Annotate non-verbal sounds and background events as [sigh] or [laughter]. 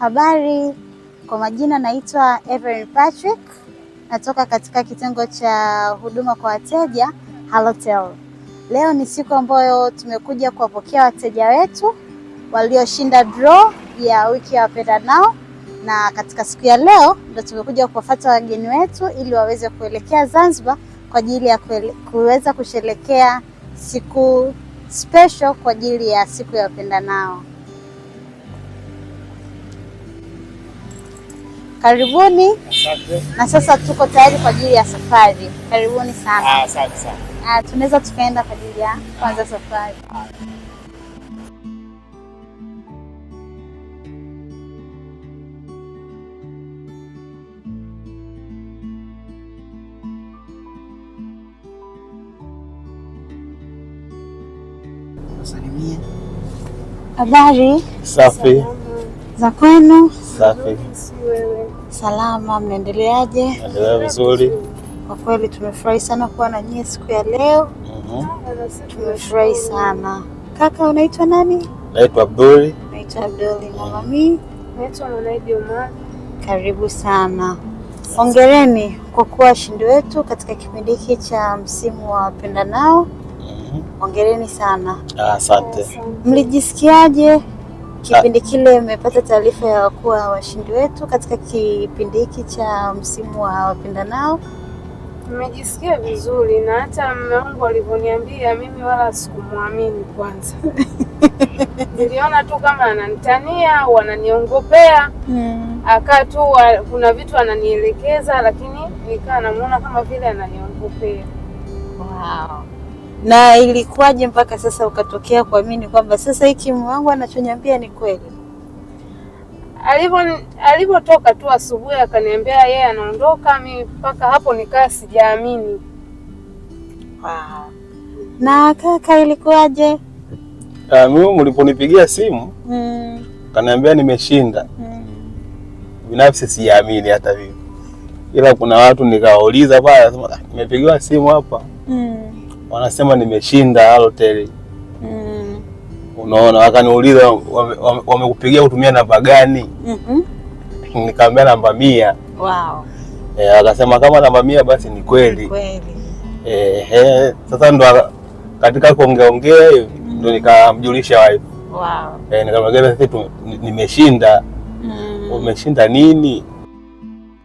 Habari, kwa majina naitwa Evelyn Patrick, natoka katika kitengo cha huduma kwa wateja Halotel. Leo ni siku ambayo tumekuja kuwapokea wateja wetu walioshinda draw ya wiki ya wapenda nao, na katika siku ya leo ndo tumekuja kuwafata wageni wetu ili waweze kuelekea Zanzibar kwa ajili ya kuweza kusherekea siku special kwa ajili ya siku ya wapenda nao. Karibuni asante. Na sasa tuko tayari kwa ajili ya safari. Karibuni sana. Ah, asante sana. Ah, tunaweza tukaenda kwa ajili ya kwanza safari. Habari? Safi. Za kwenu? Safi. Salama, mnaendeleaje? Naendelea vizuri. Kwa kweli tumefurahi sana kuwa na nyie siku ya leo. mm -hmm. Tumefurahi sana. Kaka unaitwa nani? Naitwa Abduli. Naitwa Abduli. Mama mimi naitwa Munaidi Omar. Karibu sana. Hongereni kwa kuwa washindi wetu katika kipindi hiki cha msimu wa Wapendanao. Hongereni mhm. sana. Asante. Mlijisikiaje? Kipindi kile mmepata taarifa ya kuwa washindi wetu katika kipindi hiki cha msimu wa wapenda nao Nimejisikia vizuri na hata mume wangu alivyoniambia mimi wala sikumwamini kwanza. [laughs] Niliona tu kama ananitania au ananiongopea hmm. Akaa tu kuna vitu ananielekeza, lakini nikaa namuona kama vile ananiongopea. Wow na ilikuwaje mpaka sasa ukatokea kuamini kwamba sasa hiki mume wangu anachoniambia ni kweli? Alivyotoka tu asubuhi akaniambia yeye anaondoka, mimi mpaka hapo nikaa sijaamini. Na kaka, ilikuwaje? Mimi ah, mliponipigia simu mm. kaniambia nimeshinda mm. binafsi sijaamini hata vipi, ila kuna watu nikawauliza pale, ah, nimepigiwa simu hapa mm wanasema nimeshinda Halotel. Mm. Unaona, wakaniuliza wamekupigia wame kutumia namba gani? mm -hmm. Nikaambia namba mia. Wow. E, wakasema kama namba mia basi ni kweli kweli. E, e, sasa ndo katika kuongeongea hivi mm ndo mm-hmm. nikamjulisha wife. Wow. E, nikamwambia sasa nimeshinda. Mm. Umeshinda nini?